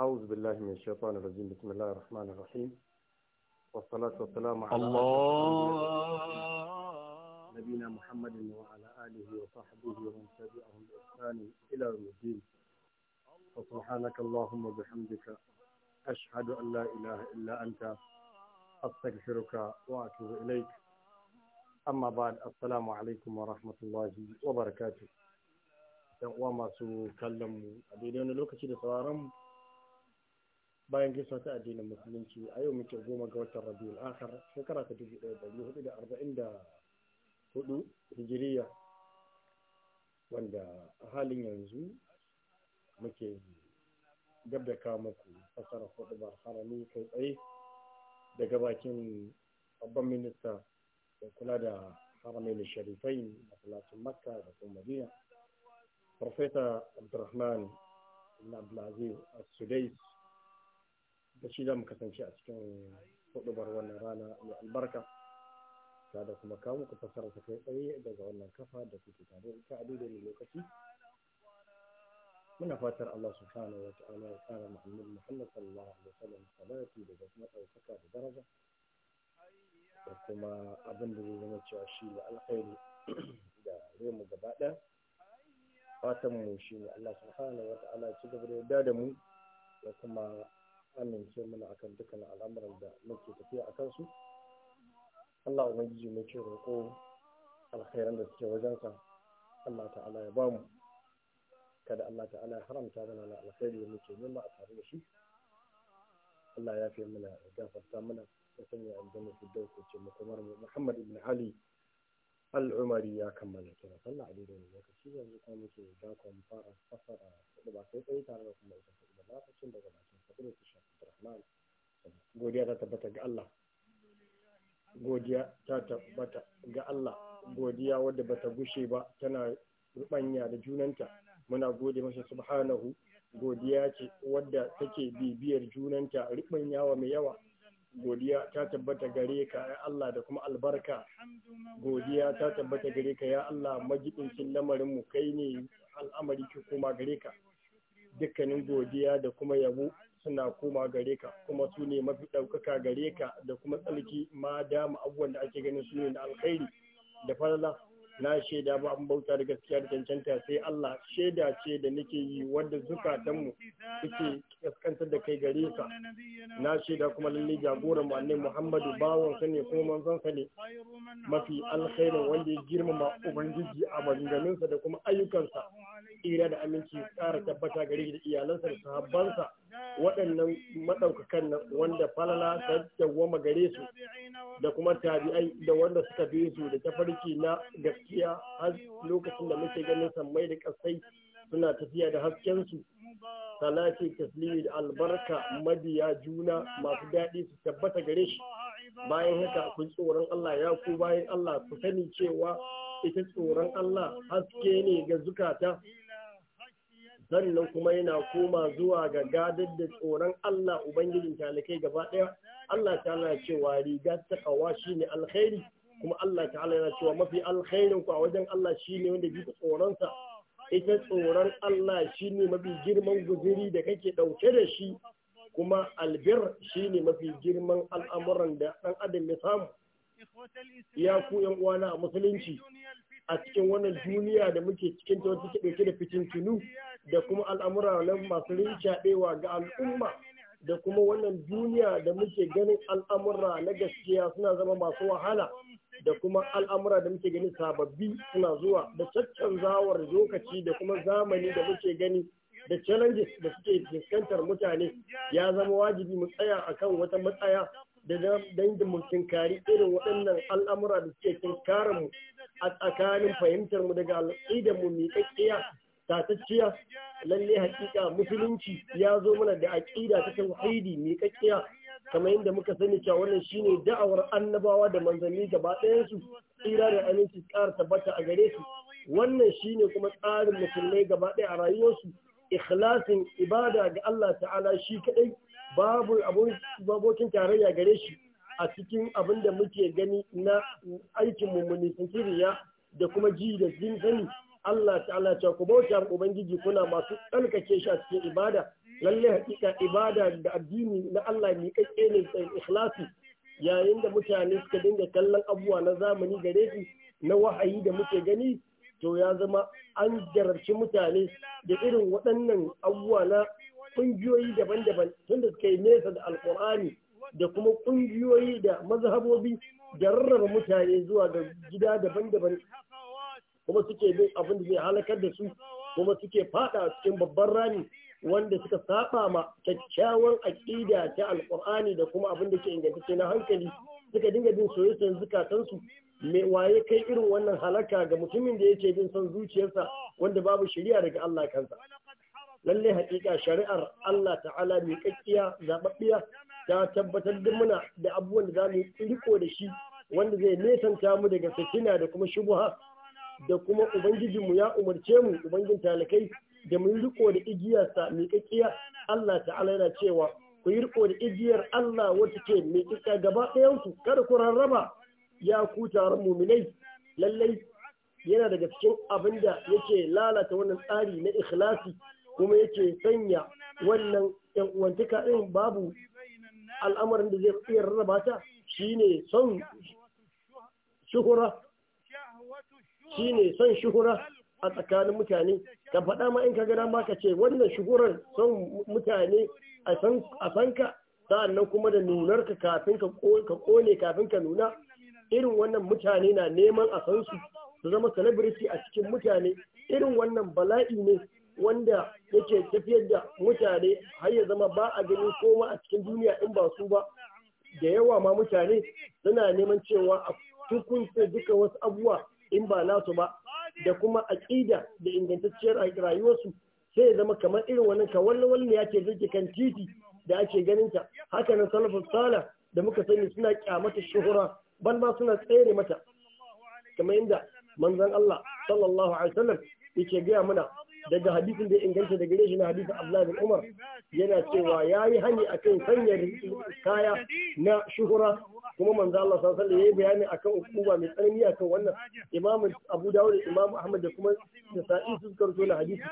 أعوذ بالله من الشيطان الرجيم بسم الله الرحمن الرحيم والصلاة والسلام على الله نبينا محمد وعلى آله وصحبه ومن تبعهم بإحسان إلى يوم الدين فسبحانك اللهم وبحمدك أشهد أن لا إله إلا أنت أستغفرك وأتوب إليك amma ba assalamu alaikum wa rahmatullahi wa barakatu yan uwa masu kallon mu a daidai wani lokaci da sauraron mu bayan gisa ta addinin musulunci a yau muke goma ga watan rabiul akhir shekara ta dubu ɗaya ɗari hudu da arba'in da hudu hijiriya wanda a halin yanzu muke gab da kawo muku fasara hudu ba harami kai tsaye daga bakin babban minista da kula da haramain sharifai da talatin makka da kuma madina farfesa abdurrahman ibn abdulaziz as-sudais da shi za mu kasance a cikin hudubar wannan rana mai albarka ta da kuma kawo ku fassara ta kai tsaye daga wannan kafa da kuke tare ita a daidai lokaci muna fatar Allah subhanahu wa ta'ala ya kara Muhammad Muhammad sallallahu alaihi wasallam salati da kuma ɗaukaka da daraja da kuma abin da zai zama cewa shi ne alkhairi da zai mu gaba ɗaya fatan mu shi ne Allah subhanahu wa ta'ala ya ci gaba da yarda da mu da kuma amince mana akan dukkan al'amuran da muke tafiya a kansu Allah ubangiji muke roƙo alkhairan da suke wajensa Allah ta'ala ya bamu kada Allah ta'ala ya haramta mana na alkhairi muke nema a tare da shi Allah ya fi mana ya gafarta mana ya sanya aljanna su dauke ce mu kamar Muhammad ibn Ali al'umari ya kammala kira sallah a daidai wani lokaci yanzu kuma muke dakon fara fasara Kudu ba sai tsaye tare da kuma ba a lokacin daga bakin fadin su rahman godiya ta tabbata ga Allah godiya ta tabbata ga Allah godiya wadda bata gushe ba tana rubanya da junanta muna gode masa subhanahu godiya ce wadda take bibiyar junanta rubanya wa mai yawa godiya ta tabbata gare ka ya Allah da kuma albarka godiya ta tabbata gare ka ya Allah majibincin lamarin mu kai ne al'amari ki kuma gare ka dukkanin godiya da kuma yabo suna koma gare ka kuma su ne mafi ɗaukaka gare ka da kuma tsarki ma dama abubuwan da ake ganin su ne da alkhairi da falala na shaida ba an bauta da gaskiya da cancanta sai Allah shaida ce da nake yi wanda zukatanmu suke kaskantar da kai gare ka na shaida kuma lalle jagoran mu annabi Muhammadu bawon sa ne kuma manzon sa ne mafi alkhairin wanda ya girmama ubangiji a maganganunsa da kuma ayyukansa tsira da aminci tsara tabbata gare da iyalansa da sahabbansa waɗannan maɗaukakan nan wanda falala ta dawwama gare su da kuma tabi'ai da wanda suka bi su da tafarki na gaskiya har lokacin da muke ganin sammai da ƙasai suna tafiya da hasken su salati taslimi da albarka mabiya juna masu daɗi su tabbata gare shi bayan haka ku tsoron Allah ya ku bayan Allah ku sani cewa ita tsoron Allah haske ne ga zukata sannan kuma yana koma zuwa ga gadar da tsoron Allah Ubangijin talikai gaba ɗaya Allah hana cewa riga ta kawa shi ne alkhairi kuma Allah ta'ala yana cewa mafi alkhairin ku a wajen Allah shi ne wanda bi tsoronsa ita tsoron Allah shi ne mafi girman guziri da kake ɗauke da shi kuma albir shi ne mafi girman al'amuran da ɗan adam ya samu ya ku ‘yan uwana a musulunci a cikin wannan duniya da muke cikin ta wata dauke da fitin tunu, da kuma al'amura na masu rinshaɗewa ga al'umma da kuma wannan duniya da muke ganin al'amura na gaskiya suna zama masu wahala da kuma al'amura da muke ganin sababbi suna zuwa da caccanzawar lokaci da kuma zamani da muke gani da challenges da suke fuskantar mutane ya zama wajibi mu tsaya akan wata matsaya da dangin mu tinkari irin waɗannan al'amura da suke kinkara mu a tsakanin fahimtar mu daga al'adar mu miƙaƙƙiya tatacciya lalle hakika musulunci ya zo mana da aƙida ta tauhidi miƙaƙƙiya kamar yadda muka sani cewa wannan shine da'awar annabawa da manzanni gaba ɗayan su tsira da aminci ƙara tabbata a gare su wannan shine kuma tsarin musulmai gaba ɗaya a rayuwarsu ikhlasin ibada ga Allah ta'ala shi kaɗai babu abokin tarayya gare shi a cikin abin da muke gani na aikin mu nisanci da kuma ji da Allah ta'ala ta ku bauta ubangiji kuna masu tsarkake shi a cikin ibada lalle hakika ibada da addini na Allah ne kake ne tsayin ikhlasi yayin da mutane suka dinga kallon abubuwa na zamani gare su na wahayi da muke gani to ya zama an jararci mutane da irin waɗannan abubuwa na ƙungiyoyi daban-daban tunda suka yi nesa da alkur'ani da kuma ƙungiyoyi da mazhabobi da rarraba mutane zuwa ga gida daban-daban kuma suke bin abin da zai halakar da su kuma suke fada cikin babban rami wanda suka saba ma kyakkyawan aƙida ta alƙur'ani da kuma abin da ke ingantacce na hankali suka dinga bin soyayyen zukatansu me waye kai irin wannan halaka ga mutumin da yake bin son zuciyarsa wanda babu shari'a daga Allah kansa lalle haƙiƙa shari'ar Allah ta'ala mai kakkiya zababbiya ta tabbatar da muna da abubuwan da za mu riko da shi wanda zai nesanta mu daga fitina da kuma shubuha da kuma ubangijinmu ya umarce mu ubangin talakai da mu riko da igiyarsa kakkiya Allah ta'ala yana cewa ku yi riko da igiyar Allah wata ke miƙaƙƙa gaba ku? kada ku rarraba ya ku taron muminai lallai yana daga cikin abin da yake lalata wannan tsari na ikhlasi kuma yake sanya wannan yan uwantaka ɗin babu al'amarin da zai iya rarraba ta ne son shuhura ne son shuhura a tsakanin mutane ka faɗa ma in ka gada ma ka ce wannan shuhurar son mutane a san ka nan kuma da nunar ka kafin ka kone kafin ka nuna irin wannan mutane na neman a san su su zama celebrity a cikin mutane irin wannan bala'i ne wanda yake tafiyar da mutane har ya zama ba a ganin koma a cikin duniya in ba su ba da yawa ma mutane suna neman cewa a tukunce duka wasu abubuwa in ba nasu ba da kuma aƙida da ingantacciyar rayuwarsu sai ya zama kamar irin wannan kawallawal ne yake zirke kan titi da ake ganinta haka nan salafin sala da muka sani suna kyamata shuhura ban ma suna tsere mata kamar inda manzon Allah sallallahu alaihi wasallam yake gaya mana daga hadisin da inganta da gare shi na hadisin bin Umar yana cewa yayi hani akan sanya kaya na shuhura kuma manzo Allah sallallahu alaihi yayi bayani akan hukuma mai tsanani akan wannan Imam Abu Dawud Ahmad da kuma Nasa'i sun karto na hadisi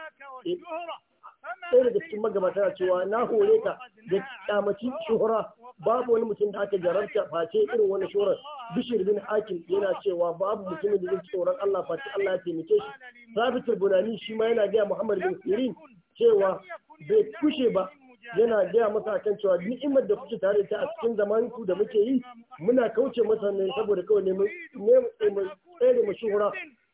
ɗaya daga cikin magabata na cewa na hore ka da kyamaci shuhura babu wani mutum da aka jararta face irin wani shuhurar bishir bin hakim yana cewa babu mutumin da zai tsoron Allah face Allah ya taimake shi sabit bunani shi ma yana gaya muhammad bin sirin cewa bai kushe ba yana gaya masa kan cewa ni'imar da kuke tare ta a cikin zaman ku da muke yi muna kauce masa ne saboda kawai neman tsere mashuhura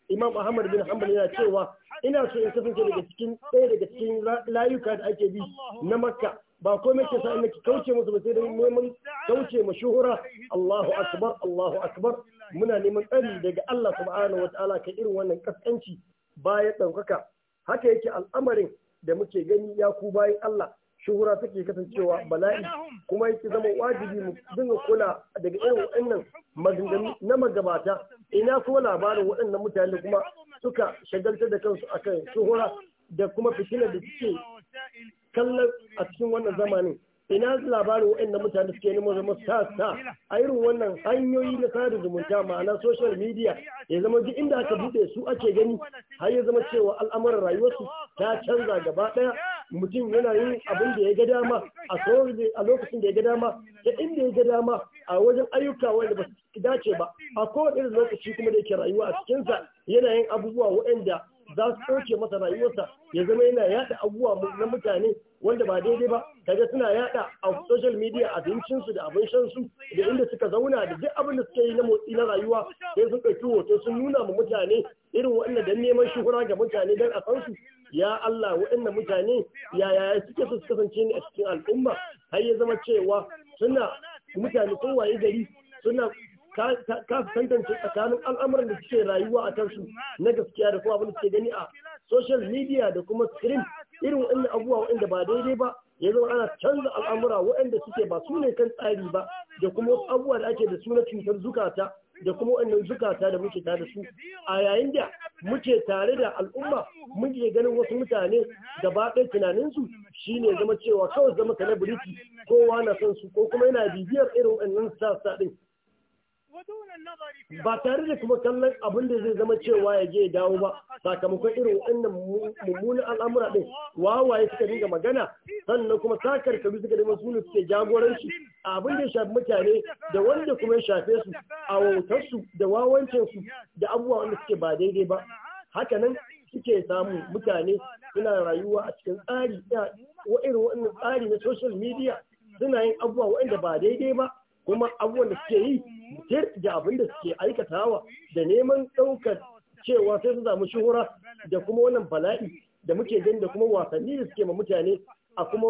imam ahmad bin hanbal yana cewa ina so in kasance daga cikin ɗaya daga cikin layuka da ake bi na makka ba komai ke sa nake kauce musu ba sai dai neman kauce ma shuhura Allahu akbar Allahu akbar muna neman tsari daga Allah subhanahu wataala kan irin wannan kaskanci baya ɗaukaka haka yake al'amarin da muke gani ya ku bayan Allah shuhura take kasancewa bala'i kuma yake zama wajibi mu dinga kula daga irin waɗannan maganganu na magabata ina kuma labarin waɗannan mutane kuma suka shagaltar da kansu a akan shuhura da kuma fitilar da suke kallon a cikin wannan zamanin ina labarin waɗanda mutane suke nemo zama sassa a irin wannan hanyoyi na sada zumunta ma'ana social media ya zama duk inda aka buɗe su ake gani har ya zama cewa al'amuran rayuwarsu ta canza gaba ɗaya mutum yana yin abin da ya ga dama a lokacin da ya ga dama da inda ya ga dama a wajen ayyuka wanda ba su dace ba a kowane irin lokaci kuma da yake rayuwa a cikinsa yana yin abubuwa waɗanda za su ɗauke masa rayuwarsa ya zama yana yada abubuwa na mutane wanda ba daidai ba kaga suna yaɗa a social media abincinsu da abin shansu da inda suka zauna da duk abin da suke yi na motsi na rayuwa sai sun ɗauki hoto sun nuna ma mutane irin waɗanda don neman shuhura ga mutane don a kansu su ya Allah waɗannan mutane yaya suke su kasance ni a cikin al'umma har ya zama cewa suna mutane kowaye waye gari suna ka tantance tsakanin al'amuran da suke rayuwa a kansu na gaskiya da kuma abin da suke gani a social media da kuma screen irin wannan abubuwa waɗanda ba daidai ba ya zama ana canza al'amura waɗanda suke ba su ne kan tsari ba da kuma wasu abubuwa da ake da su na cutar zukata da kuma wannan zukata da muke tare da su a yayin da muke tare da al'umma muke ganin wasu mutane da da ɗaya tunaninsu shine zama cewa kawai zama celebrity kowa na son su ko kuma yana bibiyar irin wannan sassa ɗin ba tare da kuma kallon abin da zai zama cewa ya je dawo ba sakamakon irin wannan mummunan al'amura din wawaye suka dinga magana sannan kuma kabi suka dinga sunu suke jagoranci abin da ya shafi mutane da wanda kuma ya shafe su a wautarsu da su da abubuwa wanda suke ba daidai ba haka nan suke samun mutane suna rayuwa a cikin tsari wa irin wani tsari na social media suna yin abubuwa wanda ba daidai ba kuma abubuwan da suke yi da abin da suke aikatawa da neman ɗaukar cewa sai su samu shuhura da kuma wannan bala'i da muke gani da kuma wasanni da suke ma mutane a kuma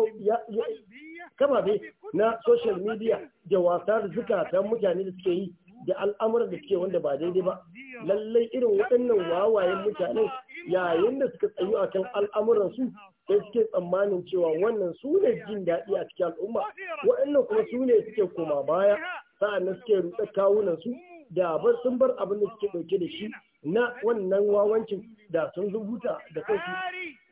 kafafe na social media da wasa wasar zukatan mutane da suke yi da al'amuran da suke wanda ba daidai ba lallai irin waɗannan wawayen mutane yayin da suka tsayu a kan al'amuran su sai suke tsammanin cewa wannan su ne jin daɗi a cikin al'umma waɗannan kuma su ne suke koma baya sa'annan suke rutsa kawunan su da bar sun bar abin da suke ɗauke da shi na wannan wawancin da sun rubuta da kansu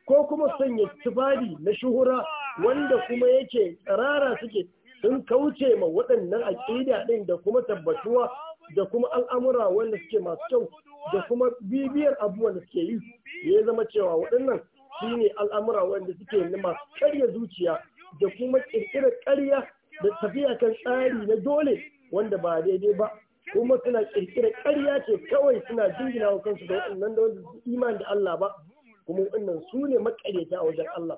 ko kuma sanya tufari na shuhura wanda kuma yake tsarara suke sun kauce ma waɗannan aƙida ɗin da kuma tabbatuwa da kuma al'amura wanda suke masu kyau da kuma bibiyar abubuwan da suke yi ya zama cewa waɗannan shi ne al'amura wanda suke na masu karya zuciya da kuma ƙirƙirar karya da tafiya kan tsari na dole wanda ba daidai ba kuma suna ƙirƙirar karya ce kawai suna jingina wa kansu da waɗannan da wanda imani da Allah ba kuma waɗannan su ne maƙaryata a wajen Allah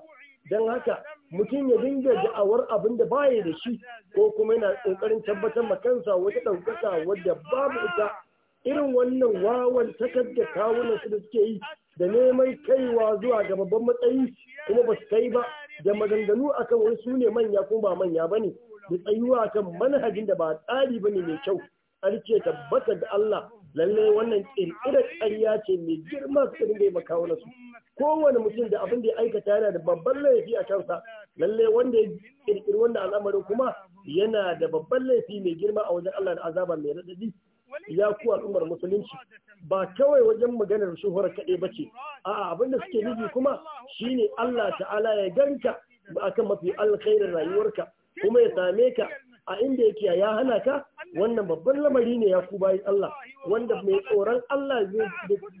don haka mutum ya dinga da'awar abin da baya da shi ko kuma yana ƙoƙarin tabbatar ma kansa wata ɗaukaka wadda babu ita irin wannan wawan takarda kawunan su da suke yi da neman kaiwa zuwa ga babban matsayi kuma ba su kai ba da maganganu akan wani su ne manya kuma ba manya ba ne da tsayuwa kan manhajin da ba tsari ba ne mai kyau alke tabbata da Allah lallai wannan ƙirƙirar ƙarya ce mai girma suka dinga yi makawo su kowane mutum da abin da ya aikata yana da babban laifi a kansa lallai wanda ya ƙirƙiri wannan al'amarin kuma yana da babban laifi mai girma a wajen Allah da azaba mai raɗaɗi ya ku al'ummar musulunci ba kawai wajen maganar shuhurar kaɗai ba ce a'a abin da suke nufi kuma shine Allah ta'ala ya ganka akan mafi alkhairin rayuwarka kuma ya same ka a inda yake ya hana ka wannan babban lamari ne ya ku bayan Allah wanda mai tsoron Allah zai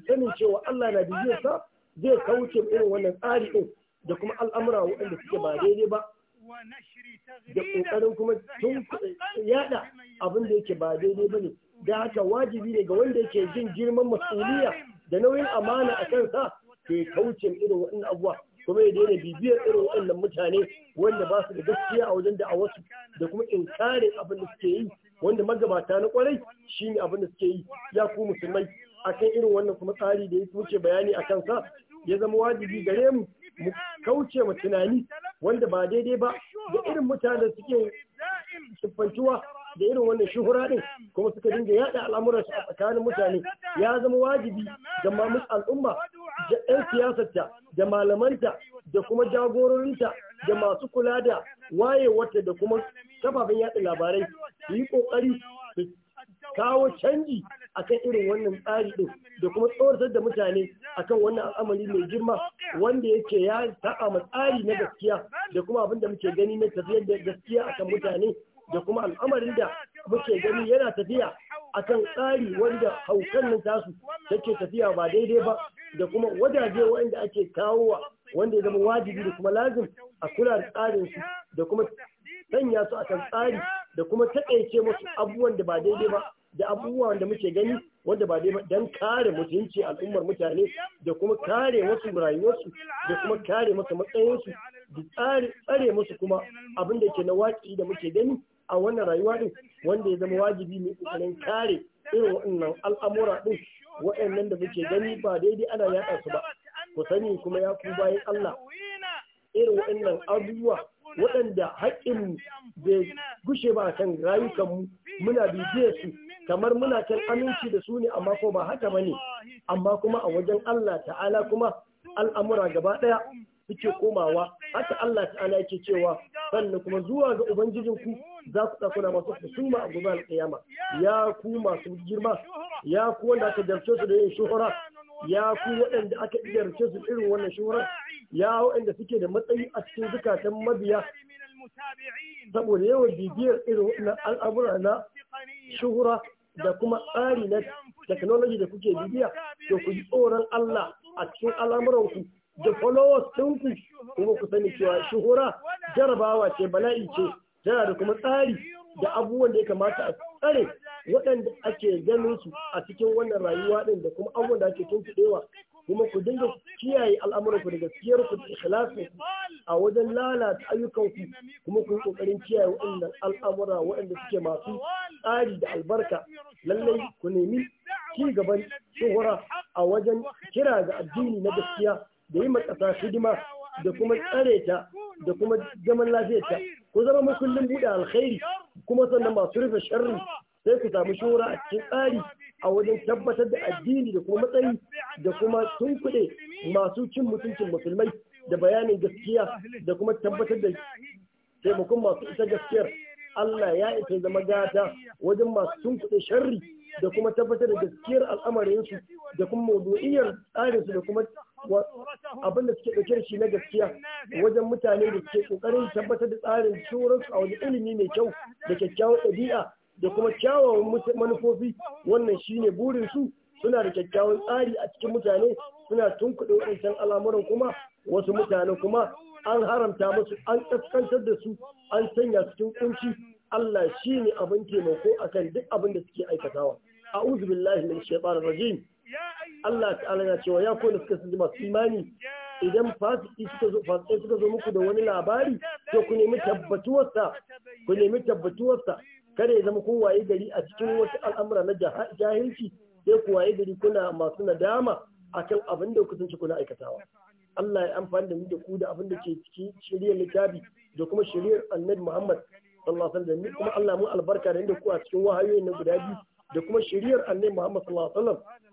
sanin cewa Allah na bijiyarsa zai kauce irin wannan tsari din da kuma al'amura waɗanda suke ba daidai ba da ƙoƙarin kuma tun yada abin da yake ba daidai ba ne da haka wajibi ne ga wanda yake jin girman masuliya da nauyin amana a kansa ke kauce irin waɗannan abuwa. kuma ya daina bibiyar irin waɗannan mutane wanda ba su da gaskiya a wajen da a wasu da kuma inkarin abin da suke yi wanda magabata na kwarai shi ne abin da suke yi ya ku musulmai akan irin wannan kuma tsari da ya wuce bayani a kansa ya zama wajibi gare mu mu kauce mu tunani wanda ba daidai ba da irin mutanen suke siffantuwa da irin wannan shuhura din kuma suka dinga yada al'amuran su a tsakanin mutane ya zama wajibi ga mamus al'umma da 'yan siyasarta da malamanta da kuma jagororinta da masu kula da wayewarta, da kuma kafafen yaɗa labarai su yi ƙoƙari su kawo canji akan irin wannan tsari ɗin da kuma tsoratar da mutane akan wannan al'amari mai girma wanda yake ya taɓa ma tsari na gaskiya da kuma abin da muke gani na tafiyar da gaskiya akan mutane da kuma al'amarin da muke gani yana tafiya akan tsari wanda haukan nan tasu take tafiya ba daidai ba da kuma wajaje wanda ake kawowa wanda ya zama wajibi da kuma lazim a kula da tsarin su da kuma sanya su akan tsari da kuma taƙaice musu abubuwan da ba daidai ba da abubuwan da muke gani wanda ba daidai Dan kare mutunci al'ummar mutane da kuma kare wasu rayuwarsu da kuma kare masa matsayinsu da tsare musu kuma abin da ke na waƙi da muke gani a wannan rayuwa din wanda ya zama wajibi mai kokarin kare irin waɗannan al'amura din waɗannan da muke gani ba daidai ana yaɗa su ba ku sani kuma ya ku bayan Allah irin waɗannan abubuwa waɗanda haƙƙin bai gushe ba kan rayukanmu muna bibiyar su kamar muna kan aminci da su ne amma ko ba haka ba ne amma kuma a wajen Allah ta'ala kuma al'amura gaba ɗaya suke komawa haka Allah ta'ala yake cewa sannan kuma zuwa ga Ubangijinku za ku ɗakuna masu husuma a gobe alƙiyama ya ku masu girma ya ku wanda aka jarce su da yin shuhura ya ku waɗanda aka jarce su irin wannan shuhura. ya waɗanda suke da matsayi a cikin zukatan mabiya saboda yawan bibiyar irin wannan al'amura na shuhura da kuma tsari na technology da kuke bibiya to ku ji tsoron Allah a cikin al'amuranku da followers ɗinku kuma ku sani cewa shuhura jarabawa ce bala'i ce tana da kuma tsari da abubuwan da ya kamata a tsare waɗanda ake ganin su a cikin wannan rayuwa ɗin da kuma abubuwan da ake tuntuɗewa kuma ku dinga kiyaye al'amuranku da gaskiyar ku da ikhlasin ku a wajen lalata ayyukanku, ku kuma ku kiyaye waɗannan al'amura waɗanda suke masu tsari da albarka lallai ku nemi ci gaban tsohora a wajen kira ga addini na gaskiya da yi makasa hidima da kuma tsare ta da kuma zaman lafiyarta ku zama makullin buɗe alkhairi kuma sannan masu rufe sharri sai ku samu shura a cikin tsari a wajen tabbatar da addini da kuma matsayi da kuma tunkuɗe masu cin mutuncin musulmai da bayanin gaskiya da kuma tabbatar da taimakon masu ita gaskiyar Allah ya isa zama gata wajen masu tunkuɗe sharri da kuma tabbatar da gaskiyar al'amarinsu da kuma mawdu'iyar tsarinsu da kuma abin da suke ɗauke da shi na gaskiya wajen mutane da suke ƙoƙarin tabbatar da tsarin shuransu a wani ilimi mai kyau da kyakkyawan ɗabi'a da kuma kyawawan manufofi wannan shi shine burinsu suna da kyakkyawan tsari a cikin mutane suna tunkuɗe waɗancan al'amuran kuma wasu mutane kuma an haramta musu an ƙasƙantar da su an sanya cikin kunci Allah shi ne abin taimako akan duk abin da suke aikatawa a'udhu billahi min shaitanir rajim Allah ta'ala ya cewa ya kone suka sun masu imani idan fasiki suka zo fasiki suka zo muku da wani labari to ku nemi tabbatuwarsa ku nemi tabbatuwarsa kada ya zama kun waye gari a cikin wata al'amura na jahilci sai ku waye gari kuna masu nadama akan abin da kusanci kuna aikatawa Allah ya amfani da mu da ku da abin da ke cikin shiriyar littafi da kuma shiriyar annabi Muhammad sallallahu alaihi wasallam kuma Allah mu albarka da inda ku a cikin wahayoyi na guda biyu da kuma shiriyar annabi Muhammad sallallahu alaihi wasallam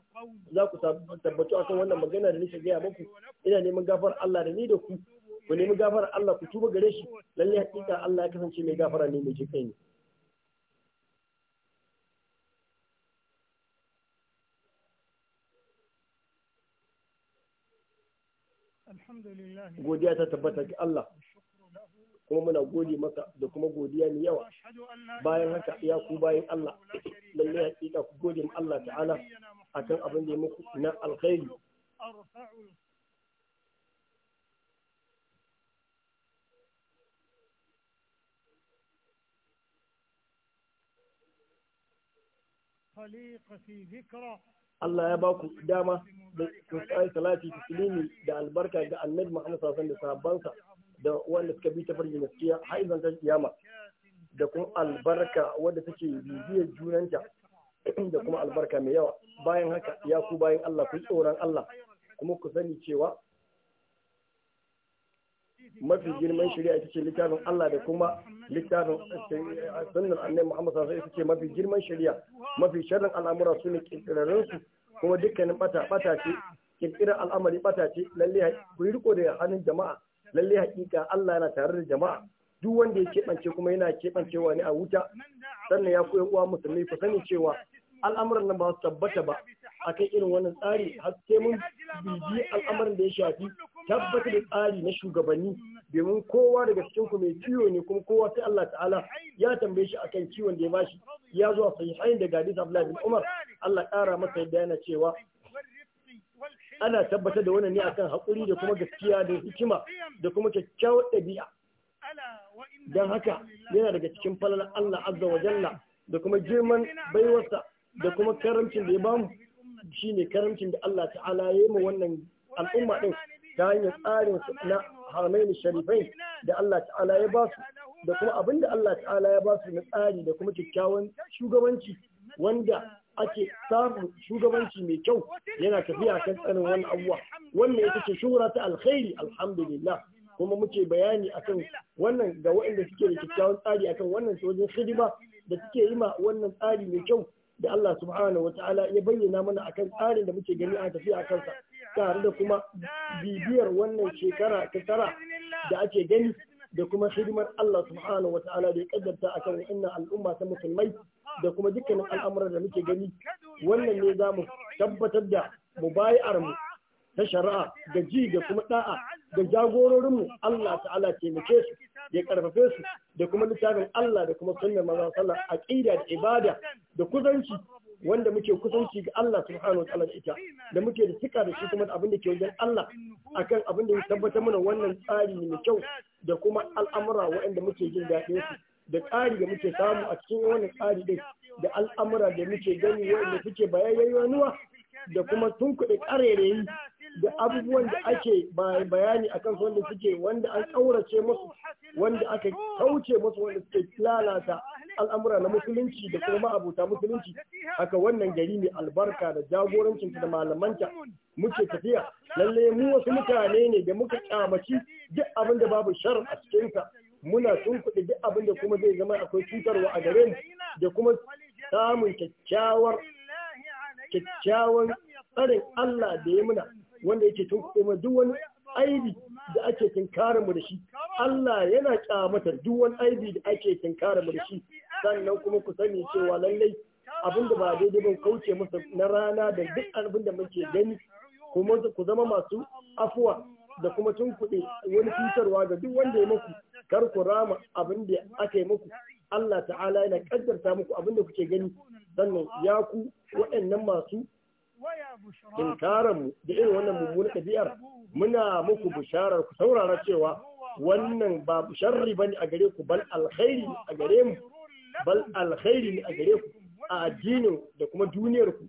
za ku tabbatu akan wannan magana da nake gaya muku ina neman gafar Allah da ni da ku ku nemi gafar Allah ku tuba gare shi lalle hakika Allah ya kasance mai gafara ne mai jikai ne godiya ta tabbata ga Allah kuma muna gode maka da kuma godiya ni yawa bayan haka ya ku bayan Allah lalle hakika ku gode Allah ta'ala akan abin da ya muku na alkhairi Allah ya ba ku dama da kusurai salati taslimi da albarka ga annabi Muhammad sallallahu da sahabbansa da wanda suka bi ta farji gaskiya har zan kiyama da kuma albarka wadda take bibiyar junanta da kuma albarka mai yawa bayan haka ya ku bayan Allah ku tsoron Allah kuma ku sani cewa mafi girman shari'a ita ce littafin Allah da kuma littafin eh, sunan annabi Muhammad sallallahu alaihi wasallam ita ce mafi girman shari'a mafi sharrin al'amura su ne kirkirarin su kuma dukkanin bata bata ce kirkirar al'amari bata ce lalle ku riko da hannun jama'a lalle hakika Allah yana tare da jama'a duk wanda ya keɓance kuma yana keɓancewa ne a wuta sannan ya koyi uwa musulmi ku sani cewa al'amuran nan ba su tabbata ba akan irin wannan tsari har sai mun biji al'amuran da ya shafi tabbata da tsari na shugabanni domin kowa daga cikin ku mai ciwo ne kuma kowa sai Allah ta'ala ya tambaye shi akan ciwon da ya bashi ya zo a sahihain daga hadis Abdullah bin Umar Allah ƙara masa yadda yana cewa ana tabbatar da wannan ne akan haƙuri da kuma gaskiya da hikima da kuma kyakkyawar ɗabi'a don haka yana daga cikin falalar Allah azza wa jalla da kuma girman baiwarsa da kuma karamcin da ya bamu shine karamcin da Allah ta'ala ya yi mu wannan al'umma din ta hanyar tsarin na haramain sharifai da Allah ta'ala ya ba su da kuma abin da Allah ta'ala ya ba su na tsari da kuma kyakkyawan shugabanci wanda ake samun shugabanci mai kyau yana tafiya kan tsarin wani abuwa wannan ita ce shura ta alkhairi alhamdulillah kuma muke bayani akan wannan ga waɗanda suke da kyakkyawan tsari akan wannan wajen hidima da suke yi ma wannan tsari mai kyau da Allah subhanahu wataala ya bayyana mana akan tsarin da muke gani a tafiya a kansa tare da kuma bibiyar wannan shekara ta tara da ake gani da kuma hidimar Allah subhanahu wataala da ya kaddarta akan wa'annan al'umma ta musulmai da kuma dukkanin al'amuran da muke gani wannan ne za mu tabbatar da mubayi'ar mu ta shari'a da ji da kuma da'a da jagororinmu Allah ta'ala taimake su ya karfafe su da kuma littafin Allah da kuma sunnar manzon a aqida da ibada da kusanci wanda muke kusanci ga Allah subhanahu wa da ita da muke da sika da shi kuma da abin da ke wajen Allah akan abin da ya tabbatar mana wannan tsari mai kyau da kuma al'amura waɗanda muke jin daɗin su da tsari da muke samu a cikin wannan tsari din da al'amura da muke gani waɗanda suke bayayyanuwa da kuma tunkuɗe ƙarerayi da abubuwan da ake bayani a kansu wanda suke wanda an ƙaurace musu wanda aka kauce musu wanda suke lalata al'amura na musulunci da kuma abuta musulunci haka wannan gari mai albarka da jagorancin da malamanta muke tafiya lalle mu wasu mutane ne da muka kyamaci duk abin da babu shar a cikinsa muna sun kuɗi duk abin da kuma zai zama akwai cutarwa a gare mu da kuma samun kyakkyawar kyakkyawan tsarin Allah da ya muna wanda yake tunkuɗe duk wani aibi da ake kare mu da shi Allah yana kyamatar duk wani aibi da ake kare mu da shi sannan kuma ku sani cewa lallai abin da ba daidai ban kauce masa na rana da duk abin da muke gani kuma ku zama masu afuwa da kuma tunkuɗe wani cutarwa ga duk wanda ya muku kar ku rama abin da aka yi muku Allah ta'ala yana kaddarta muku abin da kuke gani sannan ya ku waɗannan masu In mu da irin wannan mummuna ɗabi'ar muna muku bisharar ku saurara cewa wannan ba sharri bane a gare ku bal alkhairi a gare mu bal alkhairi ne a gare ku a addinin da kuma duniyar ku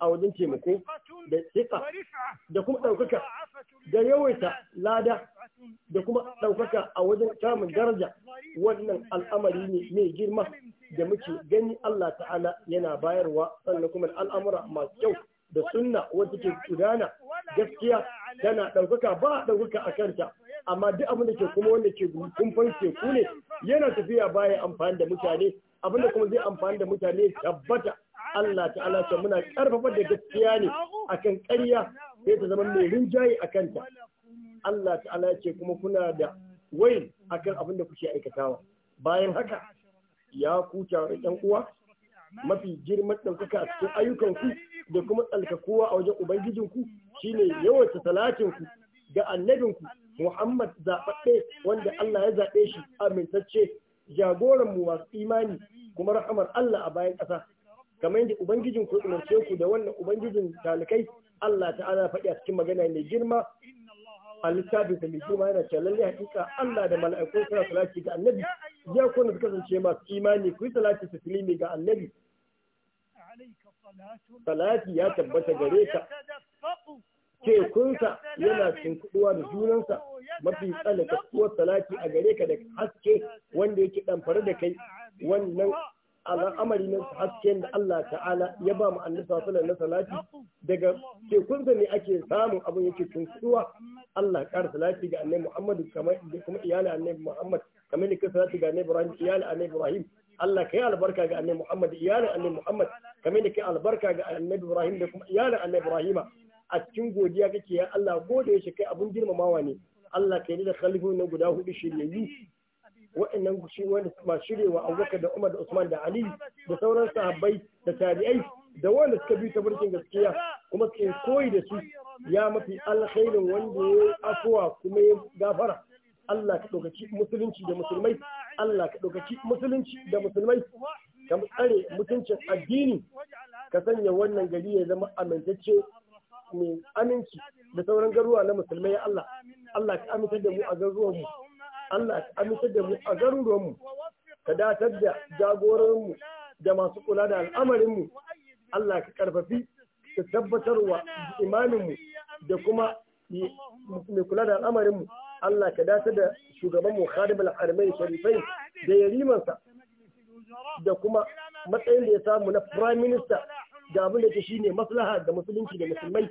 a wajen taimako da tsika da kuma ɗaukaka da yawaita lada da kuma ɗaukaka a wajen samun daraja wannan al'amari ne mai girma da muke gani Allah ta'ala yana bayarwa sannan kuma al'amura masu kyau da sunna wadda ke gudana gaskiya tana ɗaukaka ba ɗaukaka a kanta amma duk abin da ke kuma wanda ke kumfan teku ne yana tafiya baya amfani da mutane abin da kuma zai amfani da mutane tabbata Allah ta'ala ta muna karfafa da gaskiya ne akan ƙarya sai ta zama mai rinjaye a kanta Allah ta'ala ce kuma kuna da wai akan abin da kuke aikatawa bayan haka ya ku yan uwa mafi girman ɗaukaka a cikin ayyukanku da kuma tsalkakowa a wajen ubangijinku shine yawaita salatinku ga annabinku Muhammad zaɓaɓɓe wanda Allah ya zaɓe shi amintacce jagoran mu masu imani kuma rahamar Allah a bayan ƙasa kamar yadda ubangijin ku umarce ku da wannan ubangijin talikai Allah ta'ala faɗi a cikin magana mai girma a littafin sa mai girma yana cewa hakika Allah da mala'iku suna salati ga annabi ya ku da kasance masu imani ku yi salati taslimi ga annabi salati ya tabbata gare ka tekunsa yana cinkuduwa da junansa mafi tsanaka kuwa salati a gare ka da haske wanda yake fara da kai wannan al'amari na hasken da Allah ta'ala ya ba mu annabi sallallahu na salati daga tekunsa ne ake samun abin yake cinkuduwa Allah ƙara salati ga annabi Muhammad kuma iyali annabi Muhammad kamar da ka salati ga annabi Ibrahim iyali annabi Ibrahim Allah kai albarka ga annabi Muhammad iyali annabi Muhammad kamar da kai albarka ga annabi Ibrahim da kuma iyali annabi Ibrahim a cikin godiya kake ya Allah gode shi kai abun girmamawa ne Allah kai da khalifu na guda hudu shiryayyu waɗannan shi wanda masu shirewa Abubakar da Umar da Usman da Ali da sauran sahabbai da tabi'ai da wanda suka bi ta burkin gaskiya kuma suke koyi da su ya mafi alkhairin wanda ya yi afuwa kuma ya gafara Allah ka ɗaukaci musulunci da musulmai Allah ka ɗaukaci musulunci da musulmai ka tsare mutuncin addini ka sanya wannan gari ya zama amintacce mai aminci da sauran garuwa na musulmai Allah Allah ka amintar da mu a garuruwan mu Allah ka amintar da mu a garuruwan mu ka datar da jagoran mu da masu kula da al'amarin mu Allah ka karfafi tabbatar wa imaninmu da kuma mai kula da al'amarinmu Allah ka dace da shugabanmu Khadim al-Armai Sharifai da yarimansa da kuma matsayin da ya samu na Prime Minister da abin da shi shine maslaha da musulunci da musulmai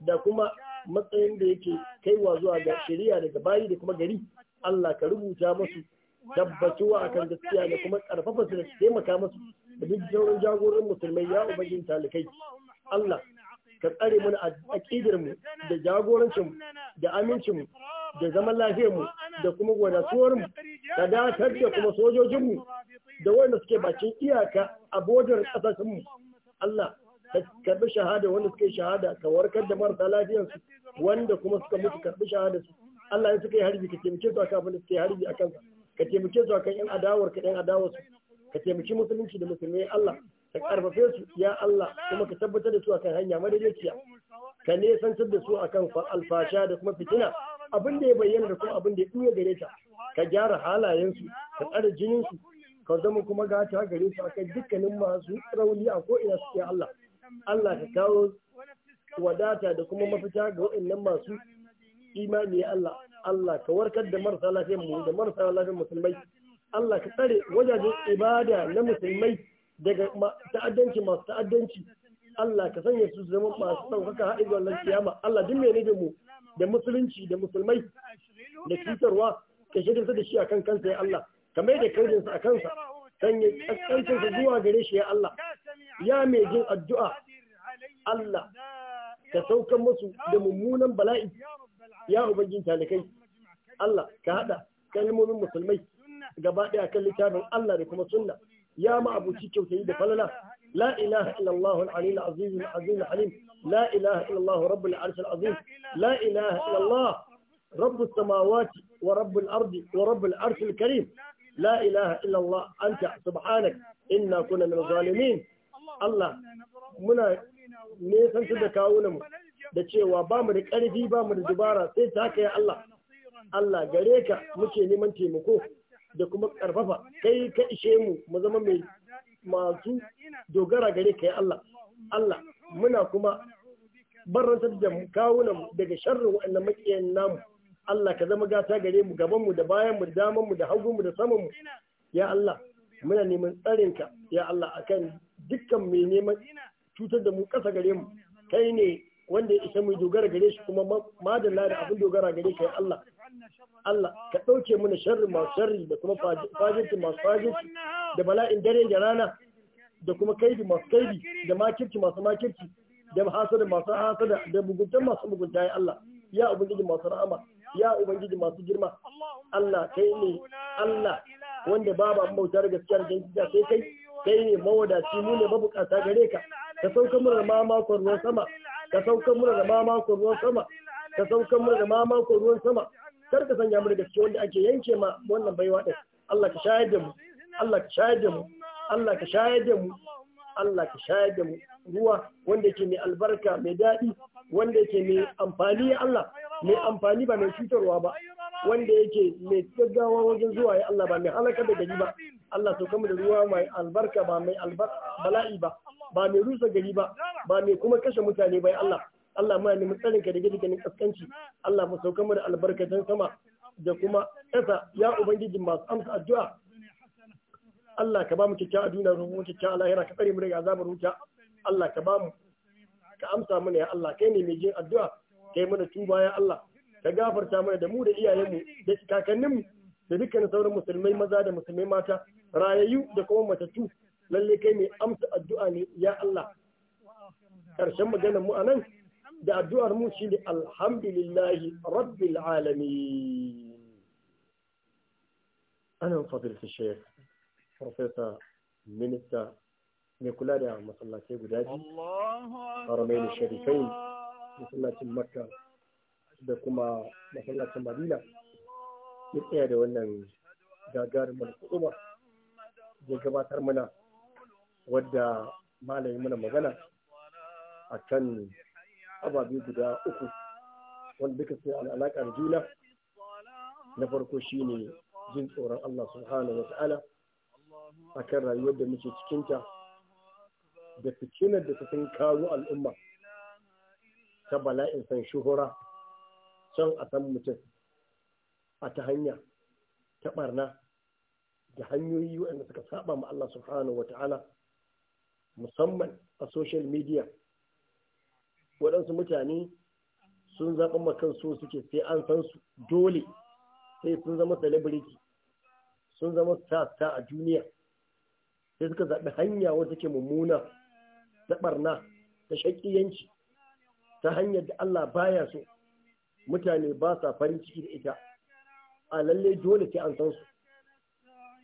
da kuma matsayin da yake kaiwa zuwa ga shari'a daga bayi da kuma gari Allah ka rubuta masu tabbatuwa akan gaskiya da kuma karfafa su da taimaka masu da duk sauran jagoran musulmai ya ubangin talikai Allah ka tsare mana mu, da mu, da amincin mu, da zaman lafiyar mu, da kuma mu da dakar da kuma sojojin mu, da wanda suke bakin iyaka a bodar mu. Allah ka karbi shahada wanda suke shahada ka warkar da marasa su wanda kuma suka mutu karbi shahada su Allah ya suka yi harbi ka taimake su akan abin da suke harbi a kansa ka taimake su akan yan adawar ka yan adawar su ka taimaki musulunci da musulmai Allah ka karfafe su ya Allah kuma ka tabbatar da su akan hanya madaidaiciya ka nesantar da su akan alfasha da kuma fitina abin da ya bayyana da kuma abin da ya ɗuya gare ta ka gyara halayensu ka tsare jininsu ka zama kuma gata gare su akan dukkanin masu rauni a ko'ina su ya Allah Allah ka kawo wadata da kuma mafita ga waɗannan masu imani ya Allah Allah ka warkar da marasa lafiyar mu da marasa lafiyar musulmai Allah ka tsare wajajen ibada na musulmai daga ta'addanci masu ta'addanci Allah ka sanya su zama masu ɗaukaka haɗin wannan kiyama Allah duk mai nufin mu da musulunci da musulmai da cutarwa ka shirin da shi akan kansa ya Allah ka mai da kaudin sa a kansa sanya kaskancin sa zuwa gare shi ya Allah ya mai jin addu'a Allah ka saukan musu da mummunan bala'i ya ubangin talikai Allah ka haɗa kalmomin musulmai gaba ɗaya kan littafin Allah da kuma sunna ya ma abuci kyautayi da falala la ilaha illallah al-ali al-azim al-azim la ilaha illallah rabbul arsh al-azim la ilaha illallah رب السماوات ورب الأرض ورب العرش الكريم لا إله إلا الله أنت سبحانك إنا كنا من الظالمين الله muna nesantar da kawunanmu da cewa ba mu da ƙarfi ba mu da dubara sai ta haka ya Allah Allah gare ka muke neman taimako da kuma karfafa kai ka ishe mu mu zama mai masu dogara gare kai Allah Allah muna kuma barantar da kawunan daga sharrin waɗannan makiyan namu Allah ka zama gata gare mu gaban mu da bayan mu da daman mu da hagu mu da saman mu ya Allah muna neman tsarin ka. ya Allah akan dukkan mai neman cutar da mu ƙasa gare mu kai ne wanda ya isa mu dogara gare shi kuma madalla da abin dogara gare kai Allah Allah ka ɗauke mana sharri masu sharri da kuma fajinci masu fajinci da bala'in dare da rana da kuma kaidi masu kaidi da makirci masu makirci da hasada masu hasada da muguntan masu mugunta ya Allah ya ubangiji masu rahama ya ubangiji masu girma Allah kai ne Allah wanda babu abin bauta da gaskiya da gaskiya sai kai kai ne mawadaci mu ne mabukata gare ka ka sauka mana da ma makon ruwan sama ka sauka mana da ma makon ruwan sama ka sauka mana da ma makon ruwan sama kar ka sanya mu gaske cikin wanda ake yanke ma wannan baiwa din Allah ka shayar da mu Allah ka shayar da mu Allah ka shayar da mu Allah ka shayar da mu ruwa wanda yake mai albarka mai daɗi wanda yake mai amfani Allah mai amfani ba mai cutarwa ba wanda yake mai gaggawa wajen zuwa ya Allah ba mai halaka da gari ba Allah sauka kama da ruwa mai albarka ba mai bala'i ba ba mai rusa gari ba ba mai kuma kashe mutane ba ya Allah Allah ma nemi tsarin ka da gidan kaskanci Allah mu sauka mu da albarkatun sama da kuma ƙasa ya ubangiji masu amsa addu'a Allah ka ba mu a duniya da mu kyakkyawa lahira ka tsare mu daga azabar wuta Allah ka ba mu ka amsa mana ya Allah kai ne mai jin addu'a kai mana tuba ya Allah ka gafarta mana da mu da iyayenmu da mu da dukkan sauran musulmai maza da musulmai mata rayayyu da kuma matattu lalle kai mai amsa addu'a ne ya Allah karshen maganar mu nan? da addu'ar mu shi ne alhamdulillahi rabbil alami anan fadilta shek profesa minista mai kula da masallace guda biyu da sharifai masallacin makka da kuma masallacin madina ya tsaya da wannan gagarin kuma ya gabatar mana wadda malayi mana magana a kan ababe guda uku wanda duka sayi al'alaka alaƙa da juna na farko shine jin tsoron Allah subhanahu wa ta'ala a kan rayuwar da muke cikinta da fitinar da ta sun kawo al'umma ta bala'in san shuhura son a san mutum a ta hanya ta barna da hanyoyi waɗanda suka saba ma Allah subhanahu wa ta'ala musamman a social media waɗansu mutane sun zaɓi makan so suke sai an san su dole sai sun zama celebrity sun zama star a duniya sai suka zaɓi hanya wata ke mummuna ta ɓarna ta shaƙiyanci ta hanyar da Allah baya so mutane ba sa farin ciki da ita a lalle dole sai an san su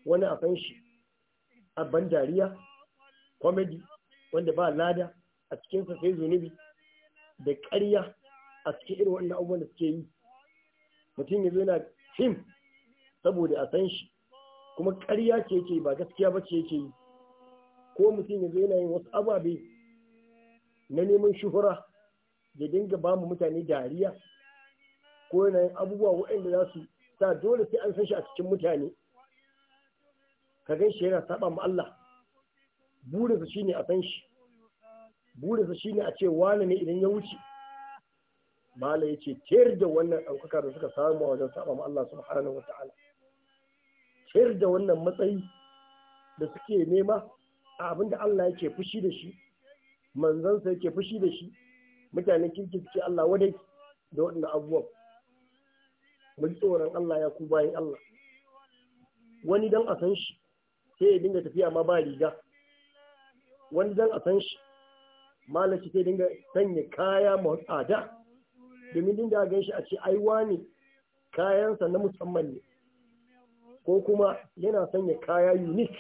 wani a san shi a ban dariya comedy wanda ba lada a cikinsa sai zunubi da ƙarya a cikin irin wannan abubuwan da suke yi mutum ya yana fim saboda a san shi kuma ƙarya ce yake ba gaskiya ba ce yake yi ko mutum ya yana yin wasu ababe na neman shuhura ya dinga ba mu mutane dariya ko yana yin abubuwa waɗanda za su sa dole sai an san shi a cikin mutane ka gan shi yana saba ma Allah shi ne a san shi burinsa shine a ce wane ne idan ya wuce mala ya ce tayar da wannan ɗaukaka da suka samu a wajen saba ma Allah subhanahu wata'ala tayar da wannan matsayi da suke nema a abin da Allah yake fushi da shi manzansa yake fushi da shi mutanen kirki suke Allah wadai da waɗannan abubuwan Mun tsoron Allah ya ku bayan Allah wani dan a san shi sai ya dinga tafiya ma ba riga wani dan a san shi malaci sai dinga sanya kaya masu tsada domin dinga gan shi a ce ai wani kayansa na musamman ne ko kuma yana sanya kaya unique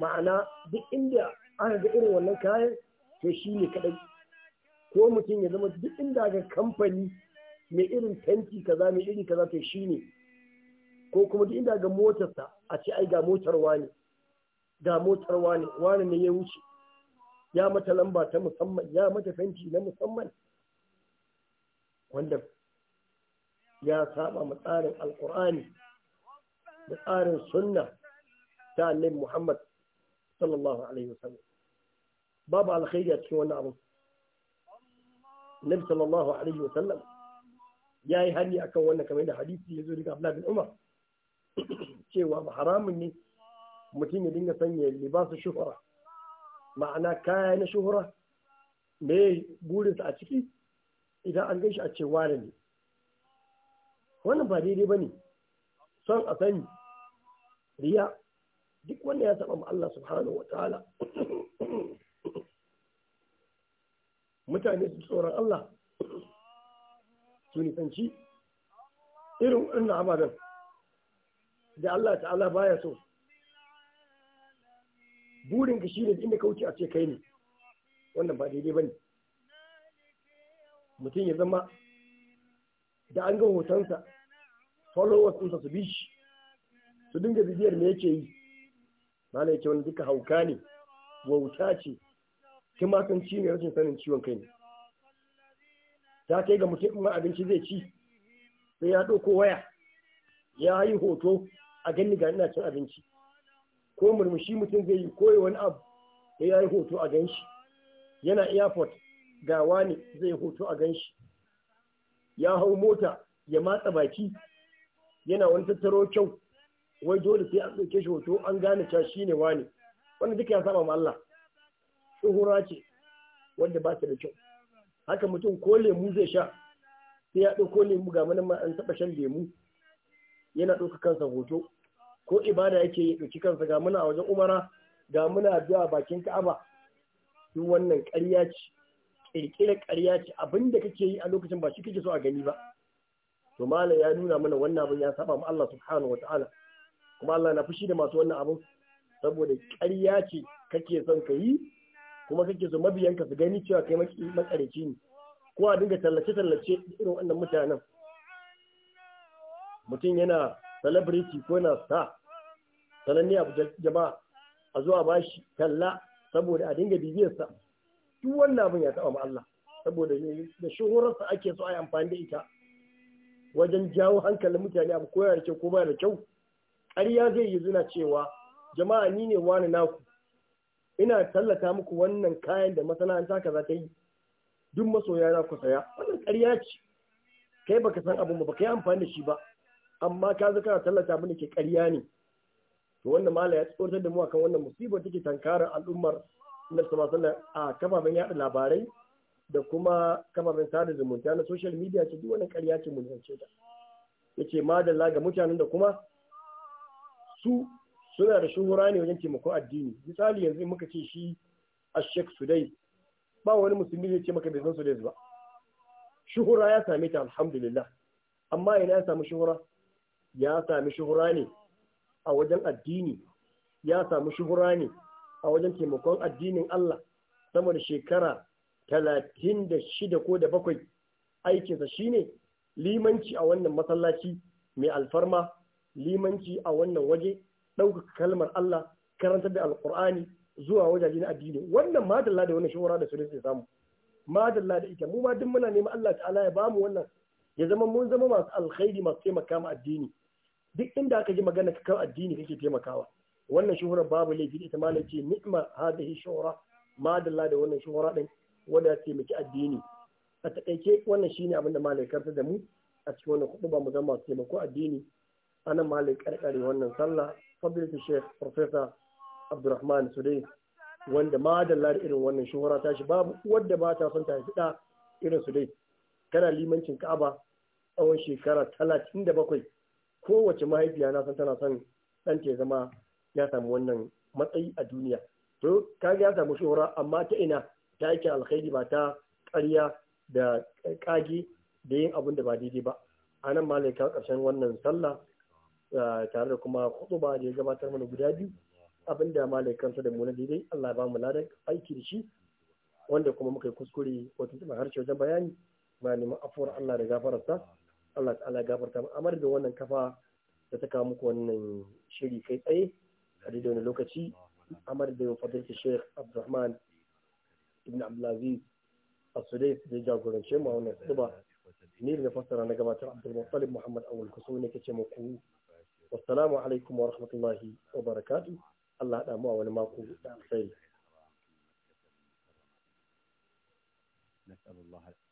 ma'ana duk inda aka ga irin wannan kayan to shi ne kadai ko mutum ya zama duk inda ga kamfani mai irin tanki kaza mai iri kaza to shi ne ko kuma duk inda ga motarsa a ce ai ga motar wani ga motar wani wani ne ya wuce ya mata lamba ta musamman ya mata fenti na musamman wanda ya saba ma tsarin alkur'ani da tsarin sunna ta annabi muhammad sallallahu alaihi wasallam babu alkhairi a cikin wannan abu nabi sallallahu alaihi wasallam ya yi hari akan wannan kamar da hadisi ya zo daga abdullahi bin umar cewa haramun ne mutum ya dinga sanya libasu shufara ma'ana kaya na shuhura me burinsa a ciki idan an shi a cewa wane ne wannan ba daidai ba ne son a sani riya duk wanda ya saba ma Allah subhanahu wa ta'ala mutane su tsoron Allah su nisanci irin wannan ababen da Allah ta'ala baya so burin ka ne inda ka wuce a ce kai ne wannan ba daidai ba ne. mutum ya zama da an ga hotonsa followers ɗinsa su bi shi su dinga bibiyar me yake yi na yake wani duka hauka ne wauta ce ci ne rashin sanin ciwon kai ne ta kai ga mutum ma abinci zai ci sai ya ɗauko waya ya yi hoto a gani ga ina cin abinci ko murmushi mutum zai yi ko wani abu da ya yi hoto a gan shi yana airport ga wani zai hoto a gan shi ya hau mota ya matsa baki yana wani tattaro kyau wai dole sai an ɗauke shi hoto an gane cewa shi ne wani wanda duka ya saba ma Allah tsohura ce wanda ba ta da kyau haka mutum ko lemu zai sha sai ya ɗauko lemu ga manan an taɓa shan lemu yana ɗauka kansa hoto ko ibada yake ya ɗauki kansa ga muna a wajen umara ga muna addu'a bakin ka'aba duk wannan ƙarya ce ƙirƙirar ƙarya ce abinda da kake yi a lokacin ba shi kake so a gani ba to malam ya nuna mana wannan abin ya saba ma Allah subhanahu wataala kuma Allah na fushi da masu wannan abin saboda ƙarya ce kake son ka yi kuma kake so mabiyanka su gani cewa kai matsareci ne ko a dinga tallace-tallace irin wannan mutanen mutum yana celebrity ko na star sananne abu jama'a a zuwa bashi talla saboda a dinga bibiyarsa duk wannan abin ya taba ma Allah saboda da shuhurarsa ake so a yi amfani da ita wajen jawo hankalin mutane abu koya da kyau ko ba da kyau ƙarya zai yi zuna cewa jama'a ni ne wani naku ina tallata muku wannan kayan da masana'anta ka za ta yi duk masoya na ku saya wannan ƙarya ce kai baka san abin ba baka yi amfani da shi ba amma ka zo tallata abin da ke ƙarya ne to wannan mala ya tsoratar da mu akan wannan musibar take tankarar al'ummar na sallallahu a kafafen yada labarai da kuma kafafen sada zumunta na social media ce duk wani ƙarya ce mun Ya ta yace madalla ga mutanen da kuma su suna da shuhura ne wajen taimakon addini misali yanzu muka ce shi a shek sudai ba wani musulmi zai ce maka bai su sudai ba shuhura ya same ta alhamdulillah amma ina ya samu shuhura ya sami shuhura ne a wajen addini ya samu shuhura ne a wajen taimakon addinin Allah sama da shekara talatin da shida ko da bakwai aikinsa shine limanci a wannan masallaci mai alfarma limanci a wannan waje ɗaukaka kalmar Allah karantar da alƙur'ani zuwa wajaje na addini wannan madalla da wannan shuhura da su ne samu madalla da ita mu ma duk muna neman Allah ta'ala ya bamu wannan ya zama mun zama masu alkhairi masu taimaka ma addini duk inda aka ji magana ka kan addini kake taimakawa wannan shuhura babu laifi ita ta ce ni'ma hadhihi shuhura ma dalla da wannan shuhura din wanda taimaki addini a takaice wannan shine abin da malai karta da mu a cikin wannan kuɗi ba mu zama masu taimako addini ana malai karkare wannan sallah fadilatu sheikh professor abdurrahman sudai wanda ma dalla da irin wannan shuhura ta shi babu wadda ba ta son ta haifi da irin su dai kana limancin ka'aba tsawon shekara talatin da bakwai kowace mahaifiya na san tana son ɗan ya zama ya samu wannan matsayi a duniya to kaga ya samu shuhura amma ta ina ta aikin alkhairi ba ta ƙarya da ƙage da yin abin da ba daidai ba a nan ma laika ƙarshen wannan sallah tare da kuma ba da ya gabatar mana guda biyu abinda malai kansa da mu na daidai Allah ba mu ladan aiki da shi wanda kuma muka yi kuskure wata harshe wajen bayani ba neman afuwar Allah da gafararsa Allah ta'ala gafarta amma da wannan kafa da ta kawo muku wannan shiri kai tsaye a daidai wani lokaci amma da fadilta Sheikh Abdulrahman Ibn Abdulaziz As-Sudais da jagorance mu wannan tsiba ni da na fassara na gabatar Abdul Muttalib Muhammad Awul Kusu ne kace muku wassalamu alaikum wa rahmatullahi wa barakatuh Allah haɗa mu a wani mako da alkhairi نسأل الله